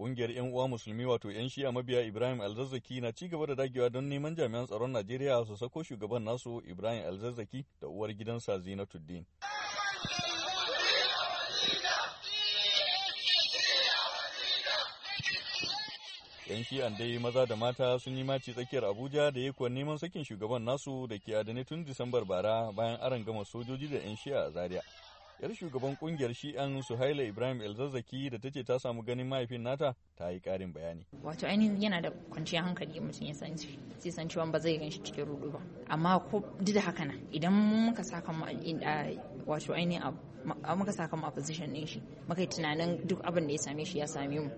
Kungiyar 'yan uwa musulmi wato 'yan shi'a mabiya Ibrahim Alzazzaki na ci gaba da dagewa don neman jami'an tsaron Najeriya su sako shugaban nasu Ibrahim Alzazzaki da uwar gidansa Zinatuddin. yan shi'an dai maza da mata sun yi maci tsakiyar abuja da ya neman sakin shugaban nasu da ke adane tun disambar bara bayan aron gama sojoji da yan shi'a a zaria Yar shugaban kungiyar shi Shi'an Suhaila Ibrahim Elzazzaki da ta ce ta samu ganin mahaifin nata ta yi ƙarin bayani. Wato ainihin yana da kwanciyar hankali mutum ya san shi sai san cewa ba zai gan shi cikin rudu ba. Amma ko duk da haka nan idan muka saka wato ainihin muka saka mu a position ɗin shi muka yi tunanin duk abin da ya same shi ya same mu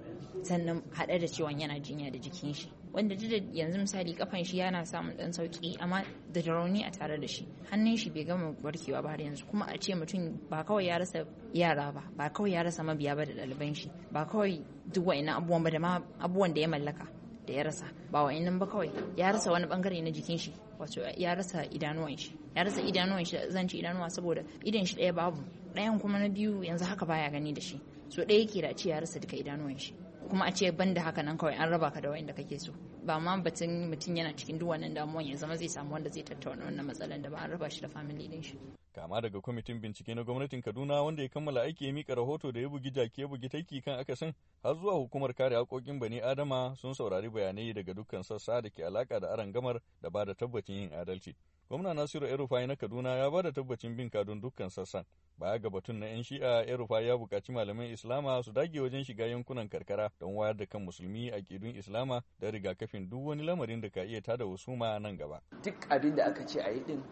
sannan haɗe da cewa yana jinya da jikin shi wanda duk yanzu misali kafan shi yana samun dan sauki amma da rauni a tare da shi hannun shi bai gama barkewa ba har yanzu kuma a ce mutum ba kawai ya rasa yara ba ba kawai ya rasa mabiya ba da ɗaliban shi ba kawai duk wa'annan abubuwan ba da ma abubuwan da ya mallaka da ya rasa ba wa'annan ba kawai ya rasa wani bangare na jikin shi wato ya rasa idanuwan shi ya rasa idanuwan shi zan ci idanuwa saboda idan shi ɗaya babu ɗayan kuma na biyu yanzu haka baya gani da shi so ɗaya yake da ce ya rasa duka idanuwan shi kuma a ce ban da haka nan kawai an raba ka da wanda kake so ba ma batun mutum yana cikin duk wannan damuwan ya zama zai samu wanda zai tattauna wannan matsalan da ba an raba shi da family din shi kama daga kwamitin bincike na gwamnatin Kaduna wanda ya kammala aiki ya mika rahoto da ya bugi jaki ya bugi taiki kan akasin har zuwa hukumar kare haƙoƙin bani Adama sun saurari bayanai daga dukkan sassa da ke alaka da arangamar da ba da tabbacin yin adalci Gwamna Nasiru Erufai na Kaduna ya ba da tabbacin bin kadun dukkan sassan. Baya ga batun na 'yan shi'a Erufai ya buƙaci malaman Islama su dage wajen shiga yankunan karkara don wayar da kan musulmi a kidun Islama da rigakafin duk wani lamarin da ka iya tada ma nan gaba. Duk abin da aka ce a yi din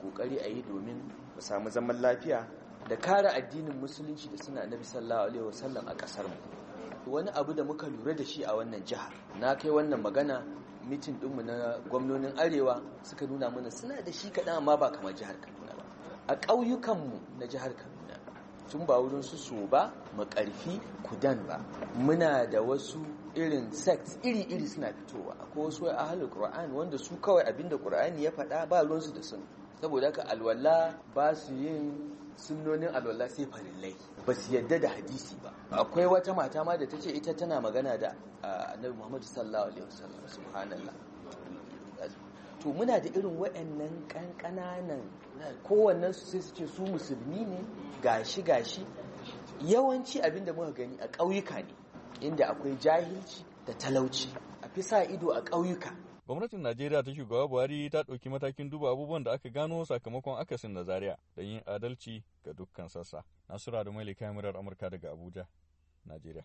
kokari a yi domin mu samu zaman lafiya da kare addinin musulunci da suna annabi sallallahu alaihi wasallam a ƙasar mu. Wani abu da muka lura da shi a wannan jihar na kai wannan magana mitin ɗinmu na gwamnonin arewa suka nuna mana suna da shi kaɗan amma ba kamar jihar kaduna ba a ƙauyukanmu na jihar kaduna tun ba wurin su so ba makarfi kudan ba muna da wasu irin sex iri-iri suna fitowa akwai wasu wai ahalu qur'an wanda su kawai abinda qur'ani ya faɗa ba ruwansu da sun saboda haka alwala ba su yin sunnonin alwala sai farillai ba su yadda da hadisi ba akwai wata mata ma da ta ce ita tana magana da annabi muhammadu sallallahu alaihi wasallam subhanallah to muna da irin waɗannan ƙanƙananan kowannen su sai su su musulmi ne gashi gashi yawanci abin da muka gani a ƙauyuka ne inda akwai jahilci da talauci a fi sa ido a ƙauyuka Gwamnatin Najeriya ta shugaba Buhari ta ɗauki matakin duba abubuwan da aka gano sakamakon akasin na Zaria don yin adalci ga dukkan sassa. Nasura da mai Kamilar Amurka daga Abuja, Najeriya.